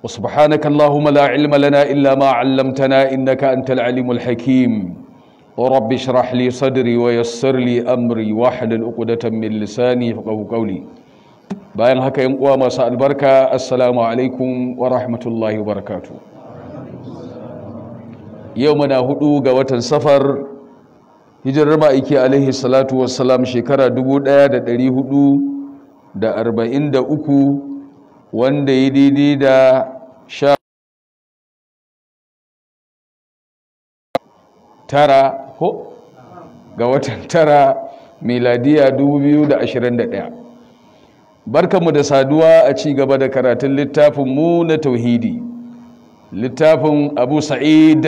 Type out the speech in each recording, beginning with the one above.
وسبحانك اللهم لا علم لنا إلا ما علمتنا إنك أنت العليم الحكيم رب اشرح لي صدري ويسر لي أمري واحلل عقدة من لساني يفقهوا قولي bayan haka yan uwa masu albarka assalamu alaikum wa rahmatullahi wa barakatu yau muna huɗu ga watan safar hijirar ma'aiki alaihi salatu wassalam shekara uku. wanda yi didi da sha tara ko ga watan tara miladiya 2021 barkanmu da saduwa a ci gaba da karatun littafin mu na tauhidi littafin abu sa'id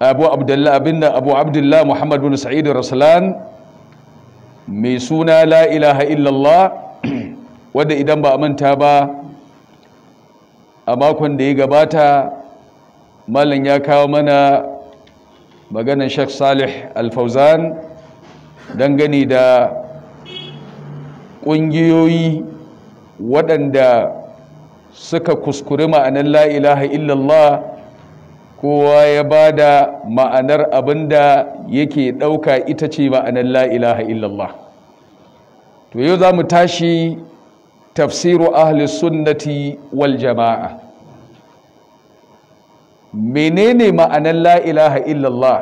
abu abdullahi abinda abu abdullahi Muhammadu bin sa'id rasulan mai suna la ilaha illallah wadda idan ba a manta ba a makon da ya gabata malam ya kawo mana maganin Sheikh Salih alfauzan fauzan dangane da ƙungiyoyi waɗanda suka kuskure ma'anar La'ilaha illallah kowa ya ba da ma'anar abinda yake ɗauka ita ce ma'anar La'ilaha illallah to yau za mu tashi tafsiru ahli sunnati wal jama'a menene ma'anar la ilaha illallah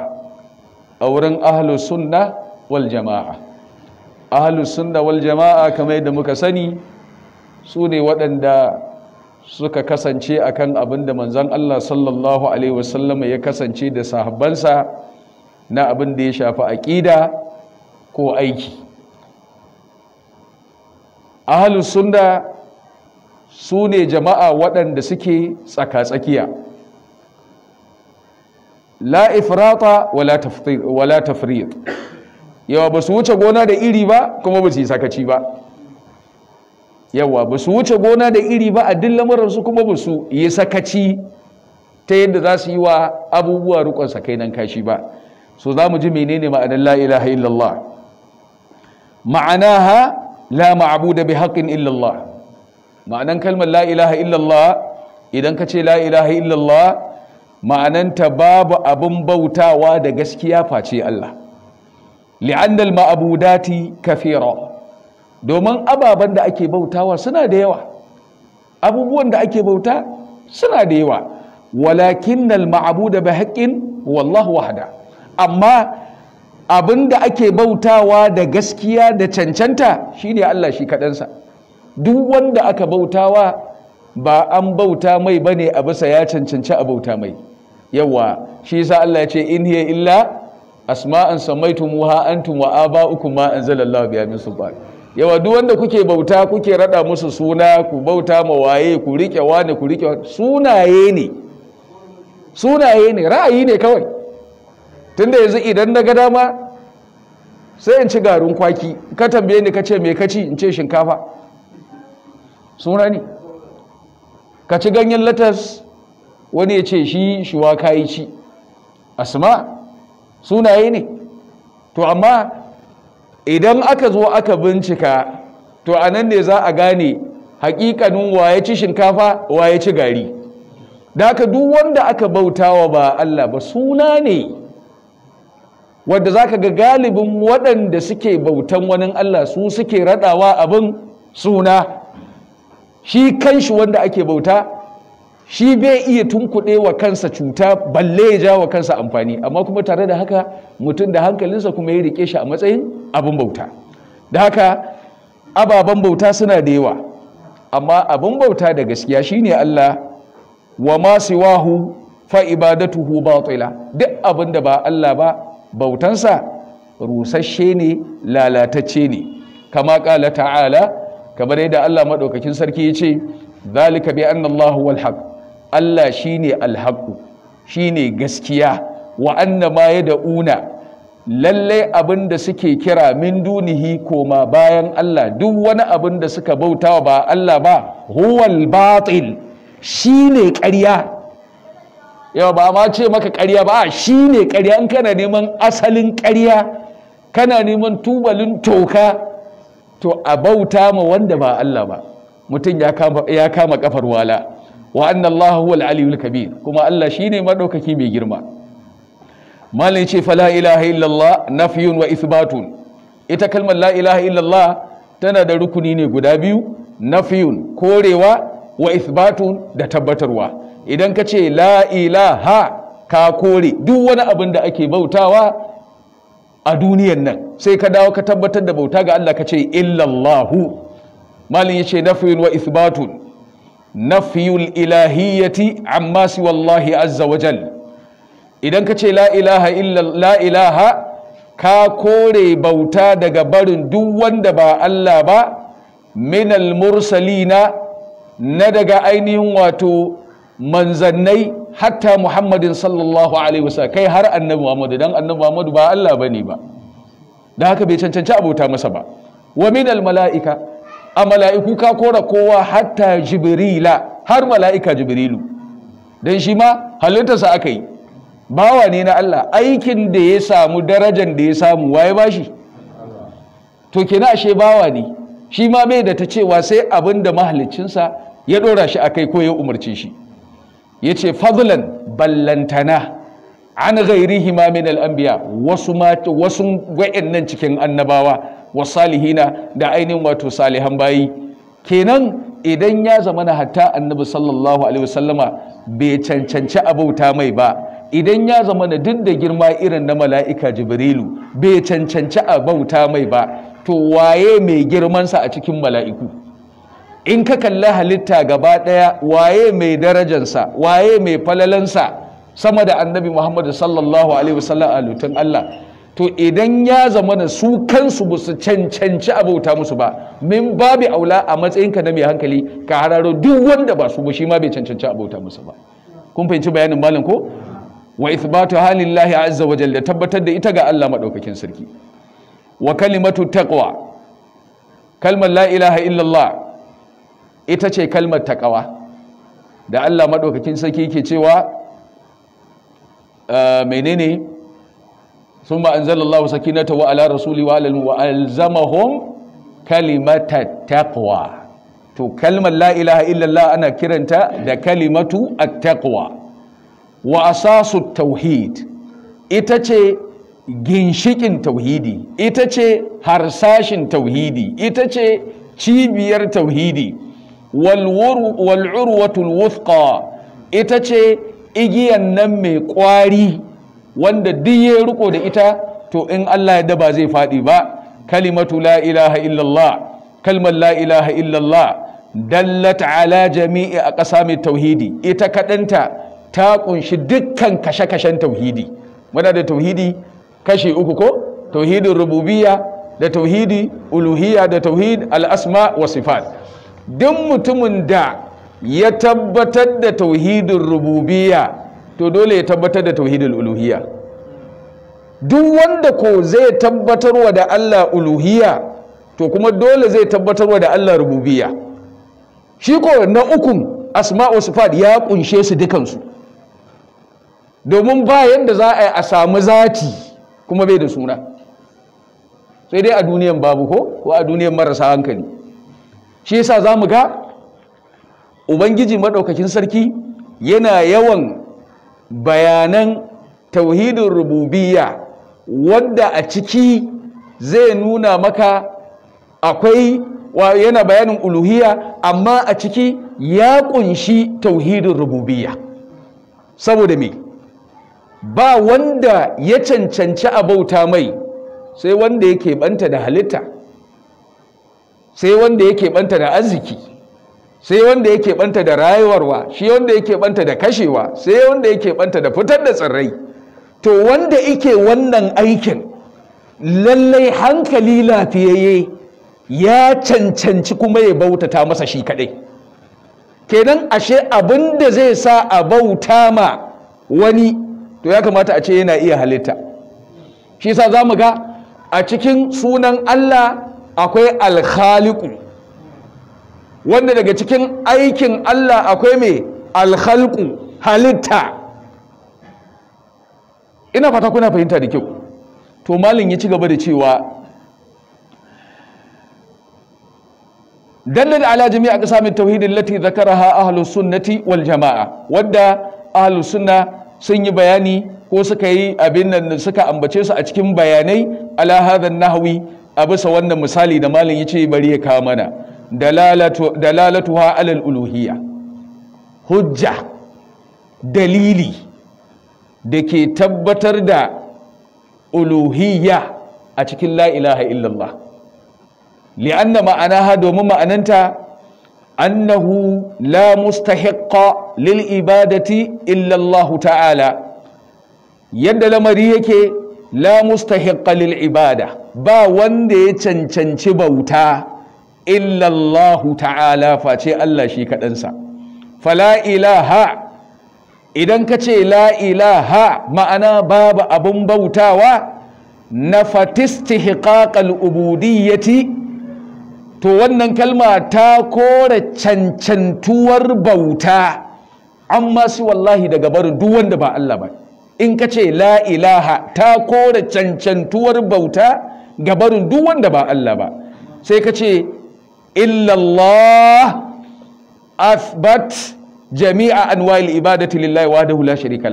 a wurin ahli sunna wal jama'a ahli sunna wal jama'a kamar yadda muka sani su ne waɗanda suka kasance akan abin da manzon Allah sallallahu alaihi wasallam ya kasance da sahabbansa na abin da ya shafi aƙida ko aiki ahalus sunna su ne jama'a waɗanda suke tsaka-tsakiya la ifrata wala tafriyat yawa ba su wuce gona da iri ba kuma ba su yi sakaci ba yawa ba su wuce gona da iri ba a duk mararsu kuma ba su yi sakaci ta yadda za su yi wa abubuwa rukon sakai nan kashi ba so za mu ji menene ma'anar lailaha illallah ma'ana ha la ma'abuda bi haqqin illallah. ma'anan kalmar la ilaha illallah idan ka ce la ilaha illallah ma'ananta babu abin bautawa da gaskiya face Allah li'anna ma'abudati kafira domin ababen da ake bautawa suna da yawa abubuwan da ake bauta suna da yawa walakin ma'abuda bi haqqin wallahu wahda amma abin da ake bautawa da gaskiya da cancanta shine Allah shi kaɗansa duk wanda aka bautawa ba an bauta mai ba ne a bisa ya cancanci a bauta mai yawa shi sa Allah ya ce in hiya illa asma'an samaitumuha antum wa aba'ukum ma anzalallahu biha min yawa duk wanda kuke bauta kuke rada musu suna ku bauta ma waye ku rike wani ku rike sunaye ne sunaye ne ra'ayi ne kawai tunda yanzu idan na ga dama sai in ci garin kwaki ka tambaye ni ka ce me kaci in ce shinkafa suna ne ka ci ganyen latas wani ya ce shi shuwaka kayi ci asma sunaye ne to amma idan aka zo aka bincika to a nan ne za a gane hakikanin waye ci shinkafa waye ci gari da aka duk wanda aka bautawa ba Allah ba suna ne wadda ka ga galibin waɗanda suke bautan wani Allah su suke raɗawa abin suna shi shi wanda ake bauta shi bai iya tunkuɗe wa kansa cuta balle ya ja wa kansa amfani amma kuma tare da haka mutum da hankalinsa kuma ya riƙe shi a matsayin abin bauta da haka ababen bauta suna da yawa amma abin bauta da gaskiya shine Allah wa ma siwahu fa ibadatuhu batila duk abin ba Allah ba bautansa rusasshe ne lalatacce ne kama ƙala ta'ala kamar yadda Allah maɗaukakin sarki yace zalika bi anna Allahu wal haq Allah shine al shine gaskiya wa anna ma yad'una lalle abin da suke kira min dunihi koma bayan Allah duk wani abin da suka bautawa ba Allah ba huwal batil shine ƙarya yau ba ma ce maka ƙarya ba shi ne ƙarya in kana neman asalin ƙarya kana neman tubalin toka to a bauta ma wanda ba Allah ba mutum ya kama kafar wala wa anna Allah huwa aliyul kabir kuma Allah shine madaukaki mai girma malai ce fala ilaha illallah nafiyun wa isbatun ita kalmar la ilaha illallah tana da rukuni ne guda biyu nafyun korewa wa isbatun da tabbatarwa idan ka ce la ilaha ka kore duk wani abin da ake bautawa a duniyan nan sai ka dawo ka tabbatar da bauta ga Allah ka ce illallahu malin yace nafiyun wa isbatun nafiyul ilahiyyati amma siwallahi azzawajal idan ka ce la ilaha ilaha ka kore bauta daga barin duk wanda ba Allah ba minal mursalina na daga ainihin wato manzannai hatta muhammadin sallallahu alaihi wasa kai har annabi muhammadu dan annabi muhammadu ba Allah bane ba da haka bai cancanci abota masa ba wa min al mala'ika a mala'iku ka kora kowa hatta jibrila har mala'ika jibrilu dan shi ma halittarsa aka yi bawa ne na Allah aikin da ya samu darajan da ya samu waye bashi to kenan ashe bawa ne shi ma bai da ta cewa sai abin da mahaliccinsa ya dora shi kai ko ya umarce shi ya ce fadlan ballantana an ghairihi ma min al'ambiya wasu wasu nan cikin annabawa wa salihina da ainihin wato salihan bayi kenan idan ya zama na hatta annabi sallallahu alaihi wasallama bai cancanci abauta mai ba idan ya zama na duk da girma irin na mala'ika jibrilu bai cancanci abauta mai ba to waye mai girmansa a cikin mala'iku in ka kalli halitta gaba ɗaya waye mai darajansa waye mai falalansa sama da annabi muhammadu sallallahu alaihi wasallam a allah to idan ya zama da su kansu ba su cancanci abauta musu ba min babi aula a matsayinka na mai hankali ka hararo duk wanda ba su ba shi ma bai cancanci abauta musu ba kun fahimci bayanin malam ko wa ithbatu halillahi azza wa jalla tabbatar da ita ga Allah madaukakin sarki wa kalimatu taqwa kalmar la ilaha illallah ita ce kalmar taqawa da Allah madaukakin sarki ke cewa ah, menene summa anzalallahu sakinatahu ala rasuli wa alal wa alzamahum to kalmar la ilaha illallah ana kiranta da kalimatu a taqwa wa asasu tauhid ita ce ginshikin tauhidi ita ce harsashin tauhidi ita ce cibiyar tauhidi wal'urwatul wuthqa ita ce igiyan nan mai kwari wanda duk ya riko da ita to in Allah ya daba zai faɗi ba kalimatu la ilaha illallah kalmar la ilaha illallah dallat ala jami'i a ƙasa mai tauhidi ita kaɗanta ta ƙunshi dukkan kashe-kashen tauhidi muna da tauhidi kashi uku ko tauhidin rububiyya da tauhidi uluhiya da tauhid al'asma wa sifat duk mutumin da ya tabbatar da tauhidin rububiya to dole ya tabbatar da tauhidin uluhiya. duk wanda ko zai tabbatarwa da Allah uluhiya to kuma dole zai tabbatarwa da Allah rububiya. shi ko na ukun asma'u sifat ya kunshe su dukansu domin ba yanda za a yi a samu zati kuma bai da suna sai dai a duniyan babu ko ko a duniyan marasa hankali shi yasa za mu ga ubangiji maɗaukakin sarki yana yawan bayanan tauhidin rububiya wadda a ciki zai nuna maka akwai yana bayanin uluhiya amma a ciki ya ƙunshi tauhidin rububiya saboda me ba wanda ya cancanci a bauta mai sai wanda yake banta da halitta sai wanda yake banta da arziki sai wanda yake banta da rayuwarwa shi wanda yake banta da kashewa sai wanda yake banta da fitar da tsirrai to wanda yake wannan aikin lallai hankali lafiyayye ya cancanci kuma ya bautata masa shi kaɗai. kenan ashe abin da zai sa a bauta ma wani to ya kamata a ce yana iya halitta shi sa za mu ga a cikin sunan Allah akwai alkhaliku wanda daga cikin aikin Allah akwai mai alkhalku halitta ina fata kuna fahimta da kyau to malin ya ci gaba da cewa dalil ala jami'a qasamin tauhid allati dhakaraha ahlus sunnati wal jamaa wadda ahlus sunna sun yi bayani ko suka yi abin nan suka ambace su a cikin bayanai ala hadhan nahwi a bisa wannan misali da malin ya ce bari ya kawo mana dalalatu alal uluhiyya hujja dalili da ke tabbatar da uluhiyya a cikin la'ilaha ilaha illallah li'anna ma'anaha domin ma'ananta annahu la mustahiqqa lil ibadati illallahu ta'ala yadda lamari yake la mustahiqqa ibada ba wanda ya cancanci bauta illallahu ta'ala face Allah shi kaɗansa fala ilaha idan ka ce la ilaha ma'ana babu abin bautawa na fatistihiqaqal ubudiyyati to wannan kalma ta kore cancantuwar bauta amma su wallahi daga barin duk wanda ba Allah ba in ka ce la ilaha ta kore cancantuwar bauta ga barin duk wanda ba Allah ba sai ka ce illallah asbat jami'a anwa'il ibadati lillahi wahdahu la sharika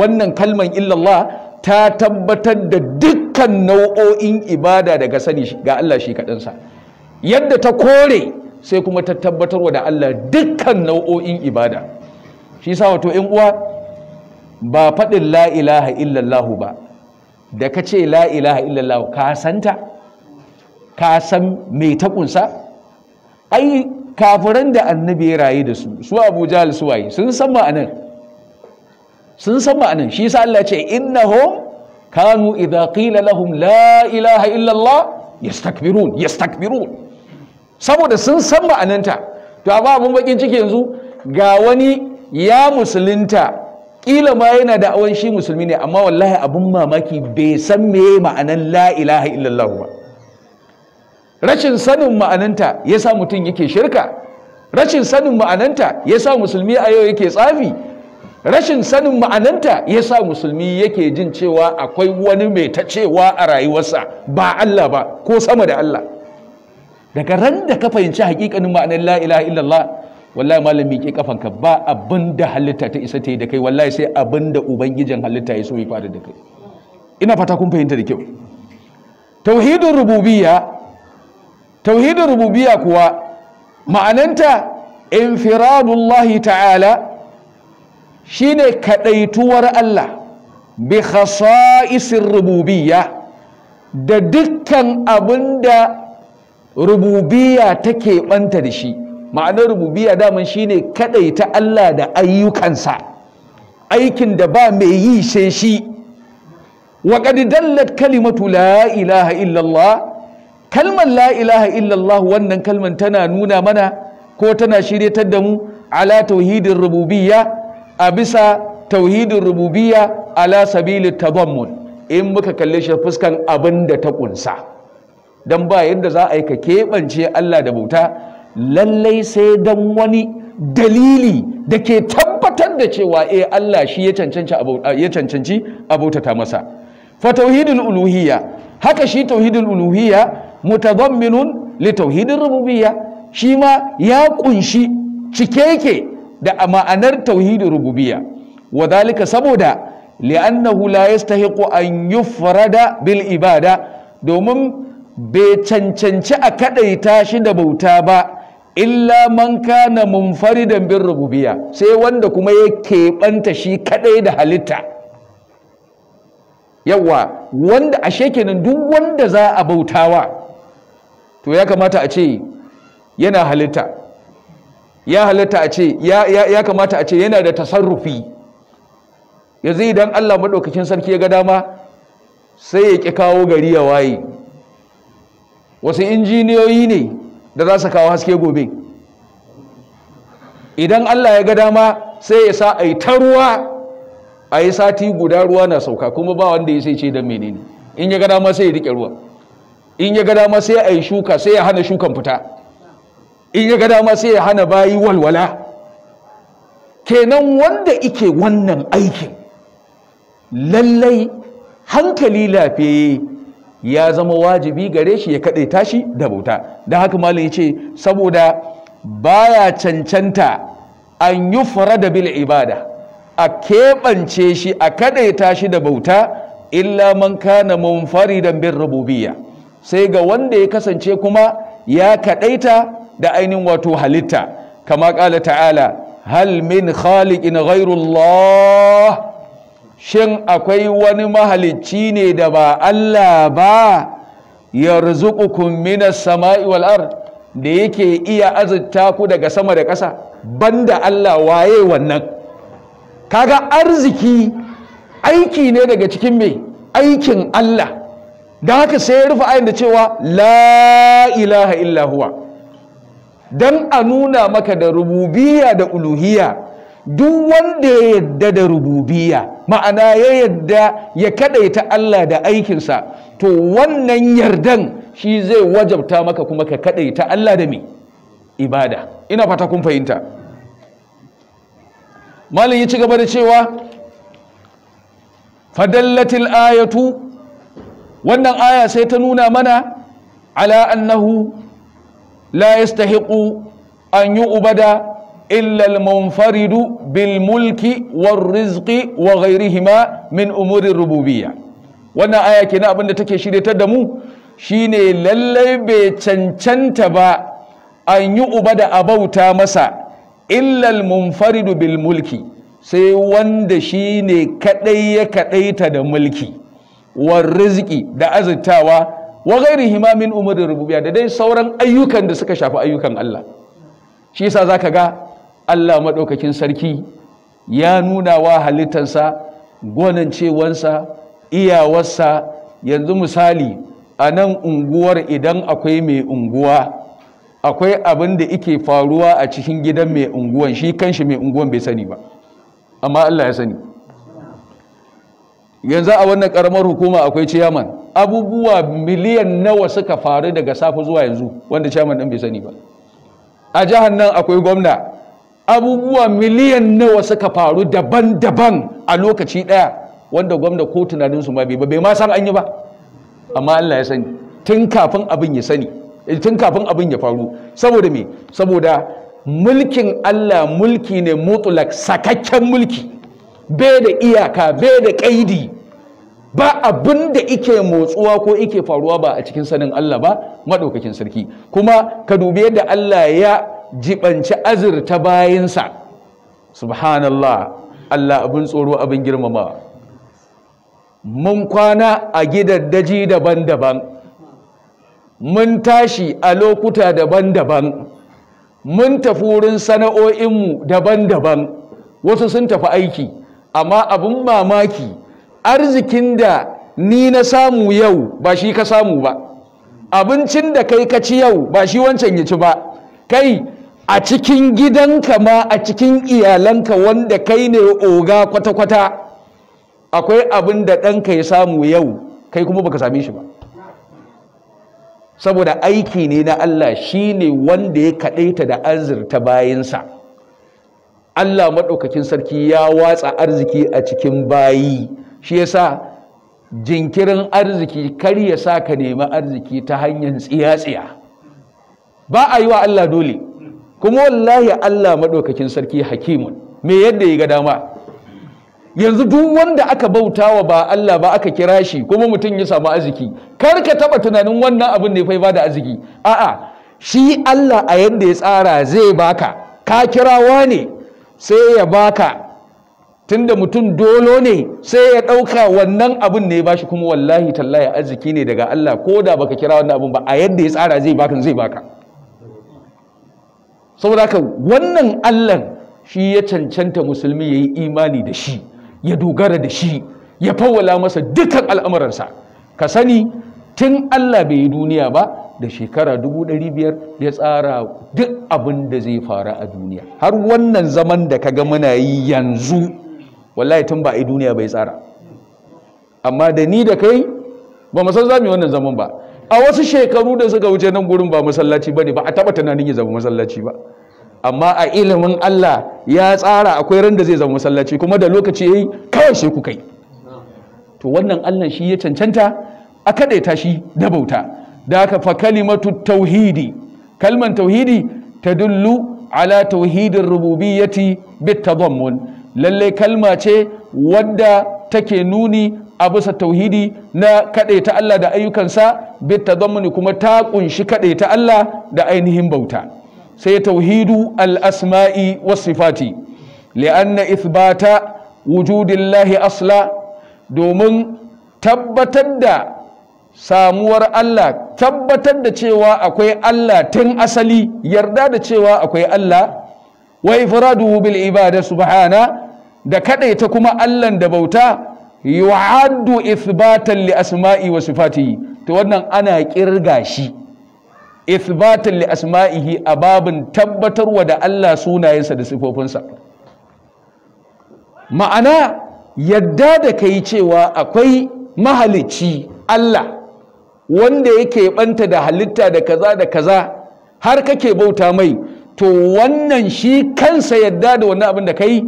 wannan kalman illallah ta tabbatar da dukkan nau'o'in ibada daga sani ga Allah shi kaɗansa yadda ta kore sai kuma ta tabbatar wa da Allah dukkan nau'o'in ibada shi sa wato 'yan uwa ba faɗin la'ilaha illallahu ba da ka ce la'ilaha illallahu ka santa ka san mai ta ai kafiran da annabi ya rayu da su su abu su waye sun san ma'anar sun san ma'anar shi Allah ce innahum kanu idza qila lahum lailaha ilaha illallah yastakbirun yastakbirun saboda sun san ma'ananta to ba abin bakin ciki yanzu ga wani ya musulunta kila ma yana da awan shi musulmi ne amma wallahi abun mamaki bai san me ma'anan la ilaha illallah ba rashin sanin ma'ananta ya sa mutum yake shirka rashin sanin ma'ananta ya sa musulmi a yau yake tsafi rashin sanin ma'ananta ya sa musulmi yake jin cewa akwai wani mai ta cewa a rayuwarsa ba Allah ba ko sama da Allah daga ran da ka fahimci hakikanin ma'anan la ilaha illallah wallahi malam miƙe kafanka ba abin da halitta ta isa ta yi da kai wallahi sai abin da ubangijin halitta ya so ya fara da kai ina fata kun fahimta da kyau tauhidin rububiyya tauhidin rububiyya kuwa ma'ananta infiradullahi ta'ala shine kadaituwar Allah bi khasa'isir rububiyya da dukkan abinda rububiyya take banta da shi ma'anar rububiya daman shine ta Allah da ayyukansa aikin da ba mai yi sai shi wa qad dallat kalimatu la ilaha illallah kalmar la ilaha illallah wannan kalman tana nuna mana ko tana shiryatar da mu ala tauhidin rububiyya a bisa tauhidin rububiyya ala sabili tadammun in muka kalle shi fuskan abin da ta kunsa don ba yadda za a yi ka keɓance Allah da bauta lallai sai don wani dalili da ke tabbatar da cewa eh Allah shi ya cancanci ya cancanci abotata masa fa tauhidul uluhiyya haka shi tauhidul uluhiyya mutadamminun li tauhidir rububiyya shi ma ya kunshi cike yake da ma'anar Tauhidin rububiyya wa dalika saboda li'annahu la yastahiqu an yufrada bil ibada domin bai cancanci a kadaita shi da bauta ba illa man kana munfaridan bin rububiyya sai wanda kuma ya keɓanta shi kadai da halitta yawa wanda ashe kenan duk wanda za a bautawa to ya kamata a ce yana halitta ya halitta a ce ya kamata a ce yana da tasarrufi yanzu idan Allah maɗaukakin sarki ya ga dama sai ya ƙi kawo gari ya waye wasu injiniyoyi ne da za su kawo haske gobe idan Allah ya ga dama sai ya sa a yi ta ruwa a yi sati guda ruwa na sauka kuma ba wanda ya sai ce don menene in ya ga dama sai ya rike ruwa in ya ga dama sai a yi shuka sai ya hana shukan fita in ya ga dama sai ya hana bayi walwala kenan wanda ike wannan aikin lallai hankali lafiye ya zama wajibi gare shi ya kaɗe tashi da bauta da haka malin ya ce saboda baya cancanta an yi da bil ibada a keɓance shi a kaɗe tashi da bauta illa man kana don bin rububiya sai ga wanda ya kasance kuma ya kaɗaita da ainihin wato halitta kama ƙala ta'ala hal min khaliqin ghairullah shin akwai wani mahalicci ne da ba Allah ba ya yarzuqukum minas sama'i wal'ar da yake iya azurta ku daga sama da ƙasa banda Allah waye wannan kaga arziki aiki ne daga cikin mai aikin Allah da haka sai ya rufe ayin da cewa la ilaha illa dan a nuna maka da rububiya da uluhiyya duk wanda ya yadda da rububiya ma'ana ya yadda ya kadaita Allah da aikinsa to wannan yardan shi zai wajabta maka kuma ka kadaita Allah da mai ibada ina fata kun fahimta malin ya ci gaba da cewa fadallatil ayatu wannan aya sai ta nuna mana ala annahu la yastahiqu an yu'bada إلا المنفرد بالملك والرزق وغيرهما من أمور الربوبية wannan aya na abin da take shiryatar da mu shine lallai bai cancanta ba an yi uba da abauta masa illal munfaridu bil mulki sai wanda shine kadai ya kadaita da mulki war rizqi da azurtawa wa ghairihima min umuri rububiyya da dai sauran ayyukan da suka shafi ayyukan Allah shi yasa zaka ga Allah maɗaukakin sarki ya nuna wa halittansa gwanancewansa iyawarsa yanzu misali a nan unguwar idan akwai mai unguwa akwai abin da ike faruwa a cikin gidan mai unguwan shi kanshi mai unguwan bai sani ba amma Allah ya sani yanzu a wannan karamar hukuma akwai ciyaman abubuwa miliyan nawa suka faru daga safe zuwa yanzu wanda ciyaman din bai sani ba a jihar nan akwai gwamna abubuwa miliyan nawa suka faru daban-daban a lokaci ɗaya wanda gwamna ko tunaninsu ma bai bai ma san an yi ba amma Allah ya sani tun kafin abin ya sani eh, tun kafin abin ya faru saboda me saboda mulkin Allah mulki ne mutlak sakakken mulki bai da iyaka bai da kaidi ba abin da ike motsuwa ko ike faruwa ba a cikin sanin Allah ba madaukakin sarki kuma ka dubi yadda Allah ya jibanci azurta bayansa. subhanallah Allah abin tsoro abin girmama mun kwana a gidaddaji daban-daban mun tashi a lokuta daban-daban mun tafi wurin sana'o'inmu daban-daban wasu sun tafi aiki amma abin mamaki arzikin da ni na samu yau ba shi ka samu ba abincin da kai ka ci yau ba shi wancan ya ci ba kai a cikin gidanka ma a cikin iyalanka wanda kai ne oga kwata-kwata akwai abin da ɗanka ya samu yau kai kuma baka same shi ba saboda aiki ne na Allah shi ne wanda ya kaɗaita da arzirta bayansa Allah maɗaukakin sarki ya watsa arziki a cikin bayi shi ya sa jinkirin arziki kar ya sa ka nemi arziki ta hanyar tsiya-tsiya ba a yi wa Allah dole kuma wallahi Allah madaukakin sarki hakimun me yadda ya ga dama yanzu duk wanda aka bauta wa ba Allah ba aka kira shi kuma mutum ya samu arziki kar ka taba tunanin wannan abin ya fai bada arziki a'a shi Allah a yadda ya tsara zai baka ka kirawa ne sai ya baka tunda mutum dolo ne sai ya ɗauka wannan abin ne ba shi kuma wallahi tallahi arziki ne daga Allah ko da baka kira wannan abin ba a yadda ya tsara zai baka zai baka saboda haka wannan Allah shi ya cancanta musulmi ya yi imani da shi ya dogara da shi ya fawwala masa dukkan al'amuransa ka sani tun Allah bai yi duniya ba da shekara dubu ɗari biyar ya tsara duk abin da zai faru a duniya har wannan zaman da ka ga muna yi yanzu wallahi tun ba a yi duniya bai tsara amma da ni da kai ba mu san za mu yi wannan zaman ba a wasu shekaru da suka wuce nan gurin ba masallaci ba ne, ba a taba tunanin ya zama masallaci ba amma a ilimin Allah ya tsara akwai ran da zai zama masallaci kuma da lokaci yayi kawai sai ku kai to wannan Allah shi ya cancanta a kadaita shi da bauta da aka fa kalimatu tauhidi kalman tauhidi tadullu ala tauhidin rububiyyati bitadammun lalle kalma ce wadda take nuni a bisa tauhidi na kaɗaita Allah da ayyukansa bit zamani kuma ta kunshi kaɗaita Allah da ainihin bauta sai tauhidu al-asma'i was sifati li'anna ithbata wujudillahi asla domin tabbatar da samuwar Allah tabbatar da cewa akwai Allah tun asali yarda da cewa akwai Allah wa ifraduhu bil ibada subhana da kaɗai ta kuma allan da bauta yu'addu ithbatan li asma'i wa sifatihi to wannan ana kirga shi ithbatan li asma'ihi a babin tabbatarwa da Allah sunayensa da sifofinsa ma'ana yadda da kai cewa akwai mahalicci Allah wanda yake banta da halitta da kaza da kaza har kake bauta mai to wannan shi kansa yadda da wannan abin da kai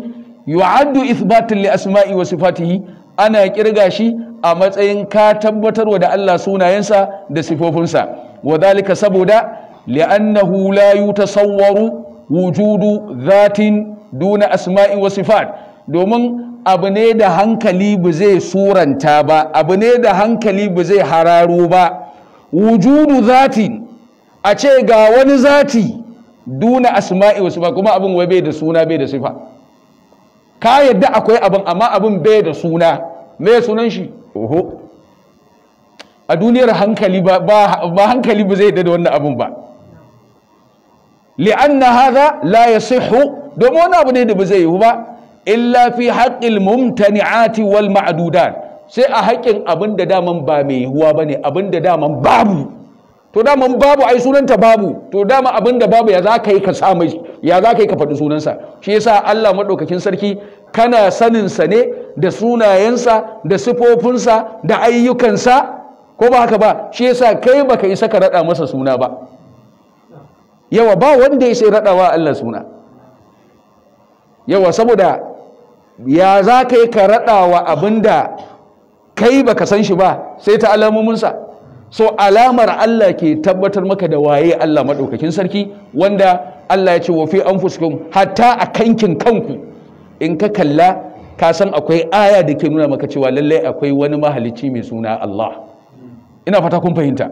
yu'addu ithbatun li asma'i wa sifatihi ana kirga shi a matsayin ka tabbatarwa da Allah sunayensa da sifofinsa wa zalika saboda li'annahu la yutasawwaru wujudu dhatin duna asma'i wa sifat domin abu ne da hankali ba zai suranta ba abu ne da hankali ba zai hararo ba wujudu zatin a ce ga wani zati duna asma'i wa sifat kuma abin wai bai da suna bai da sifa ka yadda akwai abin amma abin bai da suna me sunan shi oho a duniyar hankali ba hankali ba zai da wannan abin ba li'anna hadha la yasihhu domin wani abu ne da ba zai yiwu ba illa fi haqqil mumtani'ati wal ma'dudat sai a haƙƙin abin da daman ba mai yiwuwa bane abin da daman babu to dama babu ai sunanta babu to dama abin da babu ya za ka yi ka samu ya za yi ka faɗi sunansa shi yasa Allah maɗaukakin sarki kana saninsa ne da sunayensa da sifofinsa da ayyukansa ko ba haka ba shi yasa kai baka isa ka raɗa masa suna ba yawa ba wanda ya sai a Allah suna yawa saboda ya za ka yi ka raɗawa abin da kai baka san shi ba sai ta alamominsa so alamar Allah ke tabbatar maka da waye Allah maɗaukakin sarki wanda Allah ya ce wa fi anfusikum hatta a kankin kanku in ka kalla ka san akwai aya da ke nuna maka cewa lallai akwai wani mahalicci mai suna Allah ina fata kun fahimta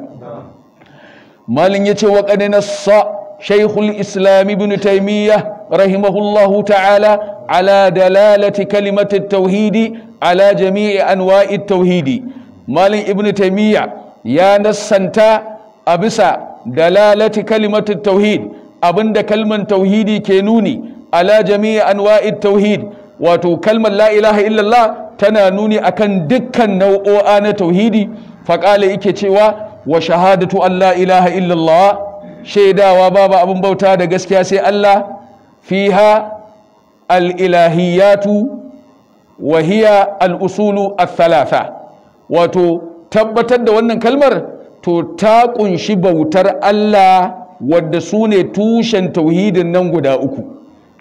malin ya ce wa ƙanina sa shaikhul islam ibn taimiyya rahimahullahu ta'ala ala dalalati kalimatin tauhidi ala jami'i anwa'i tauhidi malin ibn taimiyya ya nassanta a bisa dalalati kalimatu tauhid abinda kalman tauhidi ke nuni ala jami'i anwa'i tauhid wato kalmar la ilaha illallah tana nuni akan dukkan nau'o'a na tauhidi faƙale yake cewa wa shahadatu Allah ilaha illallah shaidawa babu abin bauta da gaskiya sai Allah fiha al-ilahiyatu wa hiya al-usulu wato tabbatar da wannan kalmar to ta kunshi bautar Allah wadda su ne tushen tauhidin nan guda uku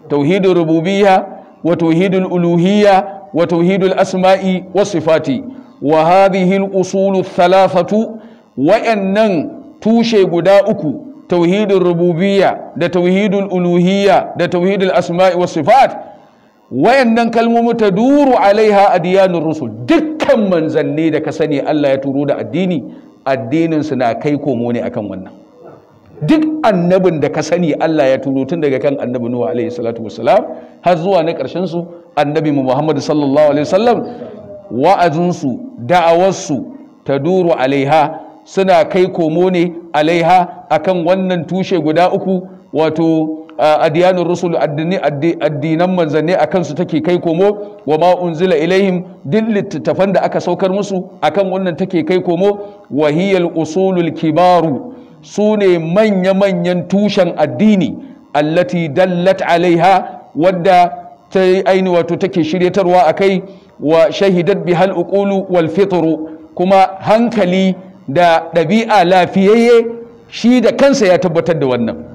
Tauhidin rububiyya wa tauhidul uluhiya wa tauhidul asma'i wa sifati wa hadhihi al-usulu thalathatu wa'annan tushe guda uku tauhidin rububiyya da tauhidul uluhiya da tauhidul asma'i wa sifat wayannan kalmomi ta duru alaiha a rusul dukkan manzanni da ka sani Allah ya turo da addini addinin su na kai komo ne akan wannan duk annabin da ka sani Allah ya turo tun daga kan annabi Nuhu alaihi salatu wassalam har zuwa na ƙarshen su annabi Muhammad sallallahu alaihi wasallam wa'azin su da'awar su taduru alaiha suna kai komo ne alaiha akan wannan tushe guda uku wato adiyanur rusul addinan manzanni akan su take kai komo wa ma'unzila ilaihim duk littattafan da aka saukar musu akan wannan take kai komo wahiyar usulul kibaru su ne manya-manyan tushen addini allati dallat alaiha wadda ta aini wato take shiryatarwa akai wa shahidat bihal uqulu wal fitru kuma hankali da ɗabi'a lafiyayye shi da kansa ya tabbatar da wannan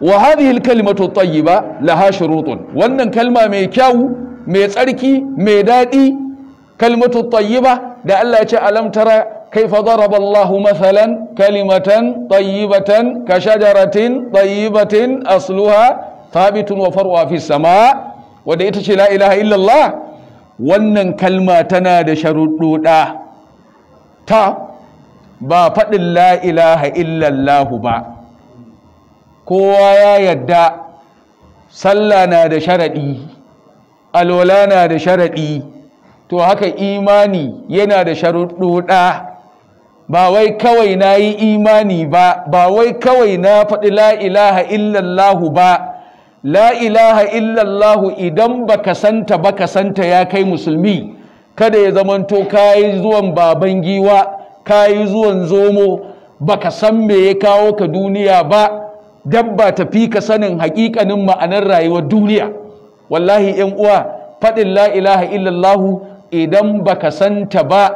wa hadhihi al-kalimatu tayyiba laha shurutun wannan kalma mai kyau mai tsarki mai daɗi. kalmatu tayyiba da Allah ya ce alam kai kaifa daraba Allah mathalan kalimatan tayyibatan ka shajaratin tayyibatin asluha tabitun, wa farwa sama wanda ita ce la ilaha illallah wannan kalma tana da sharuɗuɗa ta ba faɗin la ilaha illallahu ba kowa ya yadda sallah na da sharaɗi alwala na da sharaɗi to haka imani yana da sharuɗuɗa ba wai kawai na yi imani ba ba wai kawai na faɗi lailaha illallahu ba lailaha illallahu idan ba baka santa ka santa ya kai musulmi kada ya zamanto yi zuwan baban giwa yi zuwan zomo ba ka san me ya kawo ka duniya ba dabba ta fi ka sanin haƙiƙanin ma'anar rayuwar duniya wallahi yan uwa faɗin la ilaha illallahu idan baka santa ba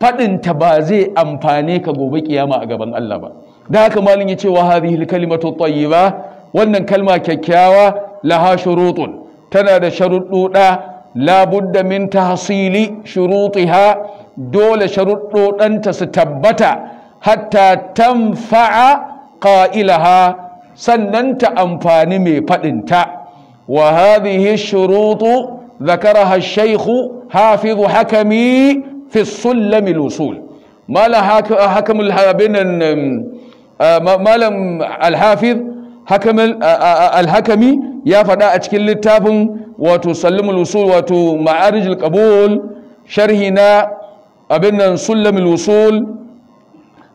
faɗin ta ba zai amfane ka gobe kiyama a gaban Allah ba da haka malin ya ce wa hadhihi kalimatu tayyiba wannan kalma kyakkyawa laha shurutun tana da sharuɗɗuɗa labudda min tahsili shurutiha dole sharuɗɗuɗanta su tabbata hatta tanfa'a qailaha sannan ta amfani mai faɗinta wa hadhihi shurutu zakaraha shaykhu hafizu hakami fi al-usul malam hakam al-habin um, uh, malam al-hafiz hakam uh, uh, al-hakami ya faɗa a cikin littafin wato sallamul usul wato qabul sharhi na abin usul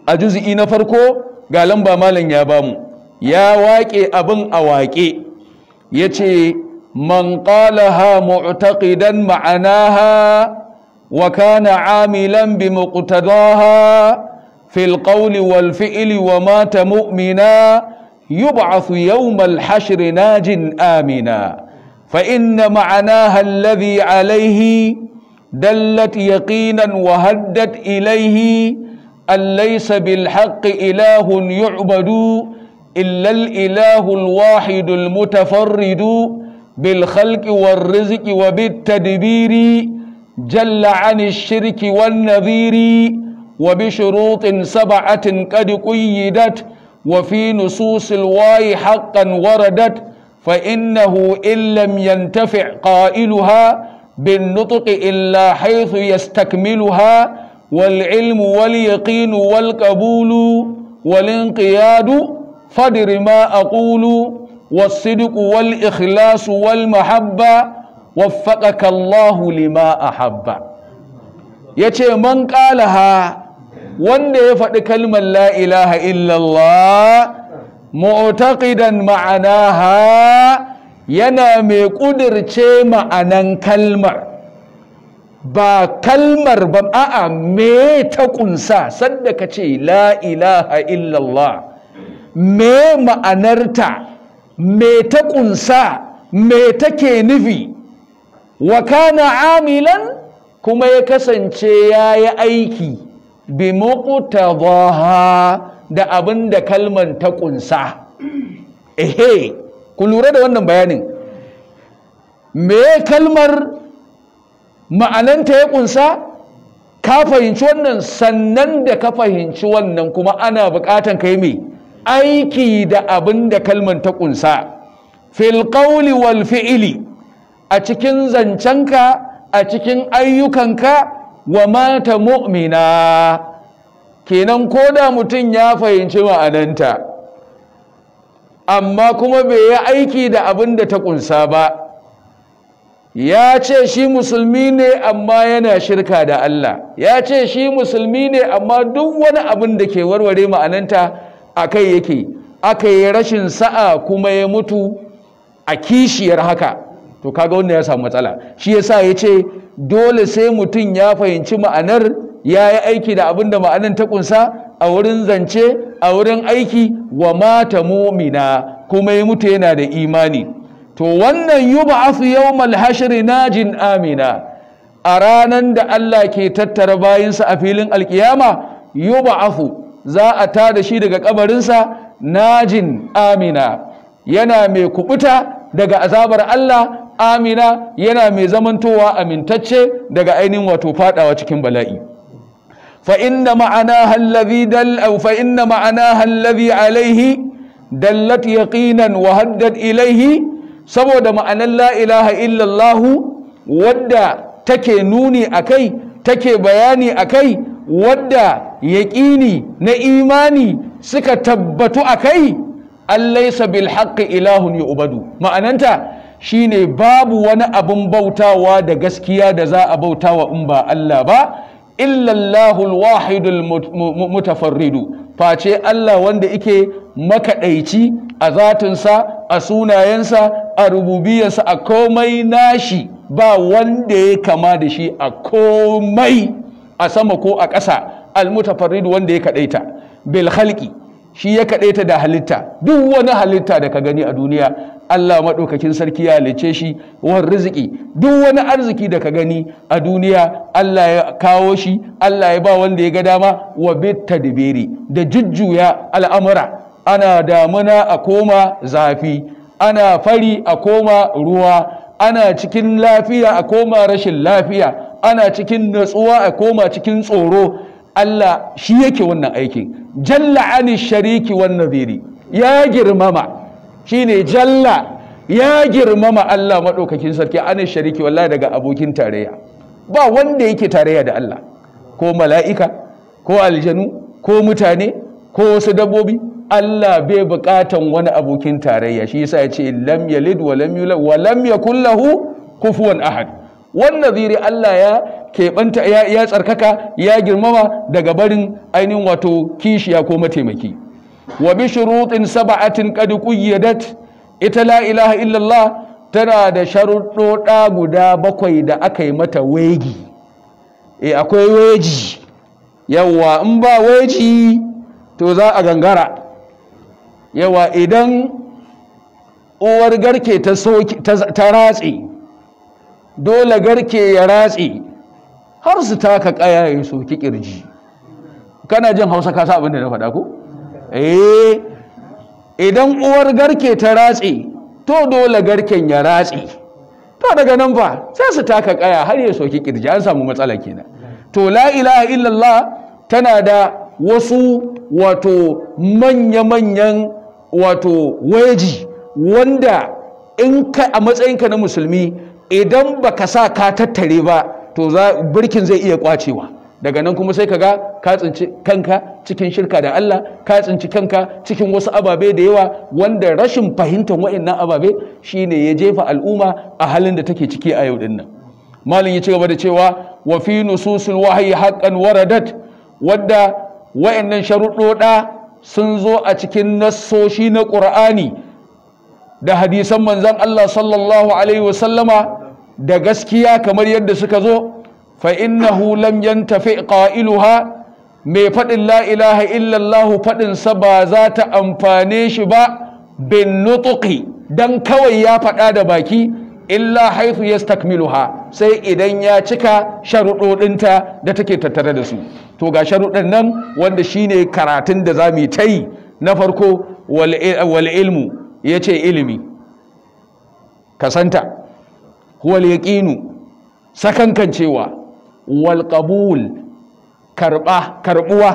a juz'i na farko ga lamba malam ya bamu ya waƙe abin a waƙe ya ce man ƙalaha mu'taqidan ma'anaha wa kana amilan bi muqtadaha fil qawli wal fi'li wa mata mu'mina yub'athu yawm al hashr najin amina fa inna ma'anaha alladhi alayhi دلت يقينا وهدت إليه أن bil بالحق ilahun yu'badu إلا الإله الواحد المتفرد بالخلق والرزق وبالتدبير جل عن الشرك والنذير وبشروط سبعة قد قيدت وفي نصوص الواي حقا وردت فإنه إن لم ينتفع قائلها بالنطق إلا حيث يستكملها والعلم واليقين والقبول والانقياد fadiri ma aqulu والصدق والإخلاص والمحبة وفقك الله لما أحب yace man qalaha wanda ya faɗi kalmar la ilaha illallah mu'taqidan ma'anaha yana mai ƙudirce ma'anan kalmar ba kalmar ba a'a me ta ƙunsa sanda ka ce la ilaha illallah me ma'anarta me ta kunsa me ta ke nufi wa kana amilan kuma ya kasance ya yi aiki bi muqtadaha da abin da kalman ta kunsa ehe ku lura da wannan bayanin me kalmar ma'ananta ya kunsa ka fahimci wannan sannan da ka fahimci wannan kuma ana bukatan ka yi mai aiki da abin da kalman ta ƙunsa fil wal fi'ili a cikin zancenka a cikin ayyukanka wa mata mu'mina kenan ko da mutum ya fahimci ma'ananta amma kuma bai yi aiki da abin da ta ƙunsa ba ya ce shi musulmi ne amma yana shirka da Allah ya ce shi musulmi ne amma duk wani abin da ke warware ma'ananta a kai yake aka yi rashin sa'a kuma ya mutu a kishiyar haka to kaga wanda ya samu matsala shi ya sa ya ce dole sai mutum ya fahimci ma'anar ya yi aiki da abin da ma'anar ta kunsa a wurin zance a wurin aiki wa mata mumina kuma ya mutu yana da imani to wannan yi yub'athu yawmal na najin amina a ranar da Allah ke tattara bayansa a filin alkiyama afu. za a tada shi daga kabarinsa najin amina yana mai kubuta daga azabar Allah amina yana mai zamantowa amintacce daga ainihin wato fadawa cikin bala'i fa inna ma'anaha alladhi dal aw fa inna ma'anaha alladhi alayhi dallat yaqinan wa ilaihi. ilayhi saboda ma'anar la ilaha illallah wadda take nuni akai take bayani akai wadda yaƙini na imani suka tabbatu a kai laisa bil haqqi ilahun ya ubadu ma'ananta shine babu wani abin bautawa da gaskiya da za a bautawa in ba Allah ba illallahul wahidul mutafarridu face Allah wanda ike makaɗaici a zatinsa a sunayensa a rububiyarsa a komai nashi ba wanda ya kama da shi a komai a sama ko a ƙasa almutafarrid wanda ya kaɗaita bil shi ya kaɗaita da halitta duk wani halitta da ka gani a duniya Allah maɗaukakin sarki ya halice shi wani riziki duk wani arziki da ka gani a duniya Allah ya kawo shi Allah ya ba wanda ya ga dama wa da tadbiri da jujjuya al'amura ana damuna a koma zafi ana fari a koma ruwa ana cikin lafiya a koma rashin lafiya ana cikin natsuwa a koma cikin tsoro Allah shi yake wannan aikin jalla ani shariki wan nadhiri ya girmama shine jalla ya girmama Allah madaukakin sarki ani shariki wallahi daga abokin tarayya ba wanda yake tarayya da Allah ko mala'ika ko aljanu ko mutane ko wasu dabbobi Allah bai buƙatan wani abokin tarayya shi yasa ya ce lam yalid wa lam yulad wa lam yakul lahu kufuwan ahad wannan ziri Allah ya keɓanta ya tsarkaka ya girmama daga barin ainihin wato kishiya ko mataimaki wa bi shurutin sab'atin qad quyyadat ita la ilaha illallah tana da sharuɗoɗa guda bakwai da aka yi mata wegi e akwai weji yawa in ba weji to za a gangara yawa idan uwar garke ta ratse dole garke ya ratse har su taka kaya ya ki kirji kana jin hausa ka sa abin da na faɗa ko eh idan uwar garke ta ratse to dole garken ya ratse to daga nan ba sai su taka kaya har ya soki kirji an samu matsala kenan to la ilaha illallah tana da wasu wato manya-manyan wato waji wanda in ka a matsayinka na musulmi idan baka sa ka tattare ba to birkin zai iya kwacewa daga nan kuma sai kaga ka tsinci kanka cikin shirka da Allah ka tsinci kanka cikin wasu ababe da yawa wanda rashin fahimtar waɗannan ababe shine ya jefa al'umma a halin da take ciki a yau din nan malin ya ci gaba da cewa wa fi nususul wahyi haqqan waradat wadda wa'annan sharuɗoɗa sun zo a cikin nassoshi na Qur'ani da hadisan manzon Allah sallallahu alaihi wasallama da gaskiya kamar yadda suka zo fa innahu lam yantafi qailuha mai faɗin la ilaha illallah faɗin sa ba za ta amfane shi ba bin nutqi dan kawai ya faɗa da baki illa haythu yastakmiluha sai idan ya cika sharuɗoɗinta da take tattare da su to ga sharuɗin nan wanda shine karatun da za mu yi na farko wal ilmu yace ilimi kasanta wal yaqinu sakankancewa wal qabul karba karbuwa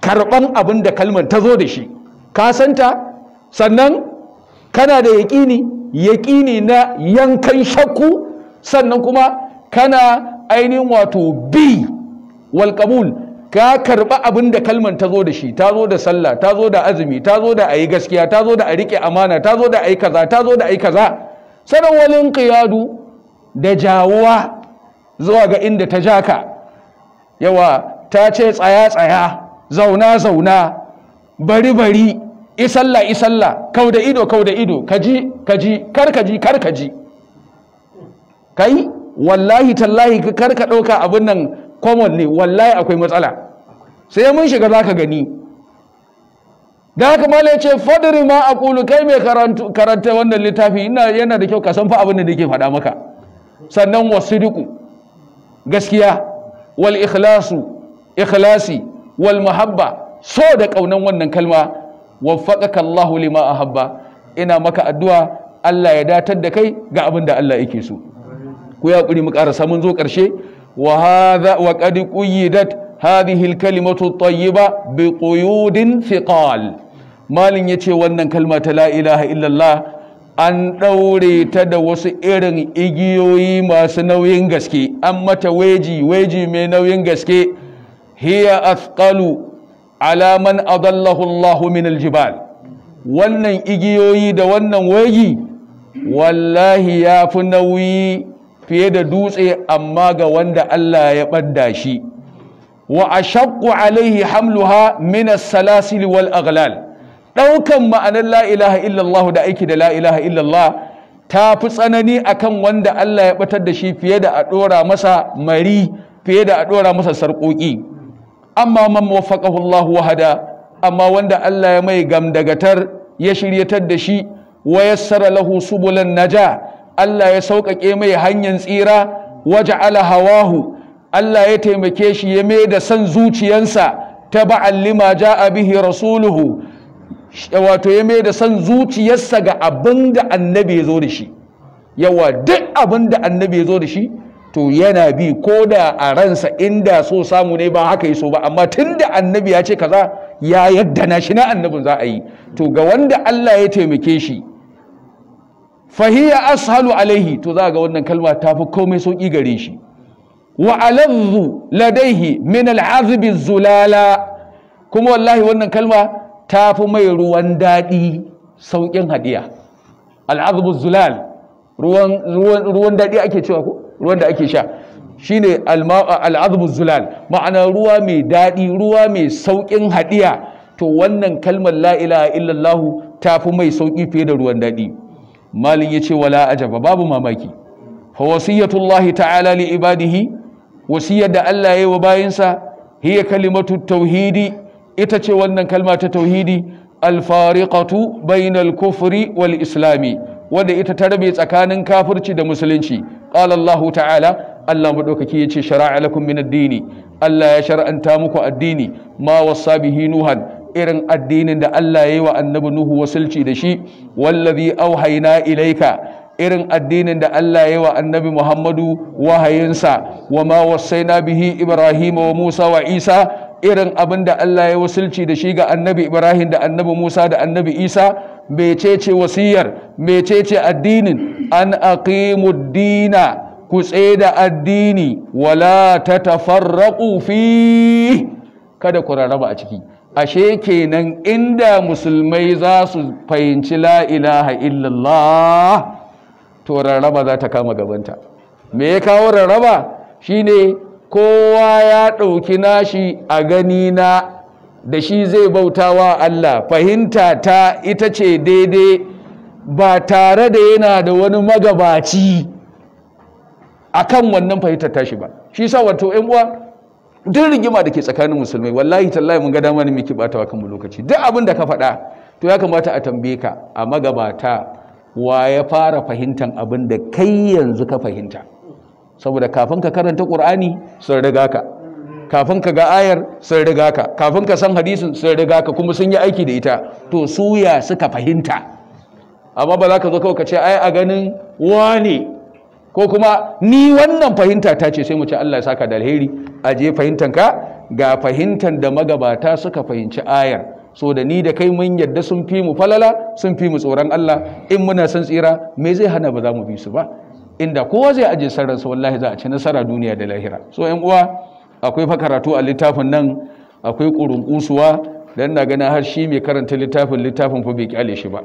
karban abin da kalmar ta zo da shi ka santa sannan kana da yaƙini yaƙini na yankan shakku sannan kuma kana ainihin wato bi wal qabul ka karba abin da kalmar ta zo da shi ta zo da sallah ta zo da azumi ta zo da ayi gaskiya ta zo da a rike amana ta zo da ayi kaza ta zo da ayi kaza sanan walin qiyadu da jawuwa zuwa ga inda ta ja ka yawa ta ce tsaya-tsaya zauna-zauna bari-bari isalla-isalla kau da ido kau da ido kaji kaji karkaji karkaji kai wallahi tallahi karka ɗauka abin nan ne, wallahi akwai matsala sai mun shiga za ka gani da haka mala ce fadari ma a Kulu kai mai karanta wannan littafi yana da kyau ka san fa abin da ke faɗa maka sannan wasiriku gaskiya wal ikhlasu ikhlasi wal muhabba so da ƙaunan wannan kalma waffaqaka Allahu lima ahabba ina maka addu'a Allah ya datar da kai ga abin da Allah yake so ku ya kuri mu karasa mun zo karshe wa hadha wa qad quyidat hadhihi al kalimatu tayyiba bi quyudin thiqal malin yace wannan kalma ta la ilaha illallah an ɗaure ta da wasu irin igiyoyi masu nauyin gaske an mata weji weji mai nauyin gaske hiya athqalu ala man adallahu Allahu min aljibal wannan igiyoyi da wannan weji wallahi ya fi nauyi fiye da dutse amma ga wanda Allah ya ɓadda shi wa ashaqqu alaihi hamluha min as-salasil wal aghlal ɗaukan ma'anar la ilaha illallah da aiki da la ilaha illallah ta fi tsanani akan wanda Allah ya batar da shi fiye da a ɗora masa mari fiye da a ɗora masa sarƙoƙi amma man Allah wahada amma wanda Allah ya mai gamdagatar ya shiryatar da shi wa yassara lahu subulan naja Allah ya sauƙaƙe mai hanyar tsira waja'ala hawahu Allah ya taimake shi ya mai da san zuciyansa ta ba'allima ja'a bihi rasuluhu wato ya mai da san zuciyarsa ga abin da annabi ya zo da shi yawa duk abin da annabi ya zo da shi to yana bi ko da a ransa inda so samu ne ba haka yi so ba amma tun da annabi ya ce kaza ya yadda na shi na annabin za a yi to ga wanda Allah ya taimake shi fahiya ashalu alaihi to za ga wannan kalma ta fi komai sauki gare shi wa aladhu ladaihi min al'azbi zulala kuma wallahi wannan kalma ta fi mai ruwan daɗi sauƙin hadiya al'azubu zulal ruwan daɗi ake cewa ko ruwan da ake sha shi ne al'azubu zulal ma'ana ruwa mai daɗi ruwa mai sauƙin hadiya to wannan kalmar la'ila illallahu ta fi mai sauƙi fiye da ruwan daɗi malin ya ce wala ajaba babu mamaki fa wasiyatullahi ta'ala li ibadihi wasiyar da Allah ya yi wa bayansa hiya kalimatu tauhidi ita ce wannan kalma ta tauhidi alfariqatu bainal kufri wal islami wanda ita ta rabe tsakanin kafirci da musulunci qala Allah ta'ala Allah madaukaki yace shara'a lakum min ad Allah ya shar'anta muku addini ma wasa bihi nuhan irin addinin da Allah ya yi wa annabi Nuhu wasulci da shi wallazi auhayna ilaika irin addinin da Allah ya yi wa annabi Muhammadu wahayinsa wa ma wasaina bihi Ibrahim wa Musa wa Isa irin abin da Allah ya wasulci da shi ga annabi Ibrahim da annabi Musa da annabi Isa mecece wasiyar mecece addinin an aqimu dina ku da addini wala tafarraqu fi kada ku rarraba a ciki ashe kenan inda musulmai za su fahimci la ilaha illallah to rarraba za ta kama gabanta me ya kawo rarraba shine kowa ya ɗauki nashi a gani na da shi zai bauta wa Allah fahimta ta ita ce daidai ba tare da yana da wani magabaci akan wannan fahimtar tashi ba shi sa wato 'Yan uwa duk rigima da ke tsakanin musulmai wallahi tallahi mun ga dama ne batawa kanmu lokaci duk abin da ka faɗa to ya kamata a tambaye ka a magabata wa ya fara fahimtan abin da kai yanzu ka fahimta saboda kafin ka karanta qur'ani sun riga ka kafin ka ga ayar sun riga ka kafin ka san hadisin sun riga ka kuma sun yi aiki da ita to suya suka fahimta amma ba za ka zo kawai ka ce ai a ganin wane ko kuma ni wannan fahimta ta ce sai mu ce Allah ya saka da alheri a je ka ga fahimtan da magabata suka fahimci ayar so da ni da kai mun yadda sun fi mu falala sun fi mu tsoron Allah in muna san tsira me zai hana ba za mu bi su ba inda kowa zai aje sararsa wallahi za a ci nasara duniya da lahira so yan uwa akwai fa karatu a littafin nan akwai kurunkusuwa dan na gana har shi mai karanta littafin littafin fa bai kyale shi ba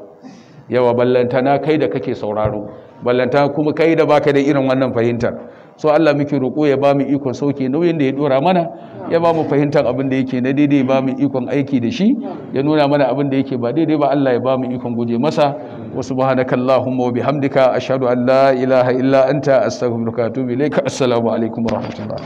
yawa ballanta na kai da kake sauraro ballanta kuma kai da baka da irin wannan fahimtar so Allah muke roƙo ya ba mu ikon sauke nauyin da ya dora mana ya ba mu fahimtar abin da yake na daidai ba mu ikon aiki da shi ya nuna mana abin da yake ba daidai ba Allah ya ba mu ikon guje masa wa subhanaka allahumma wa bihamdika ashhadu an la ilaha illa anta astaghfiruka wa atubu ilaik assalamu alaikum wa rahmatullah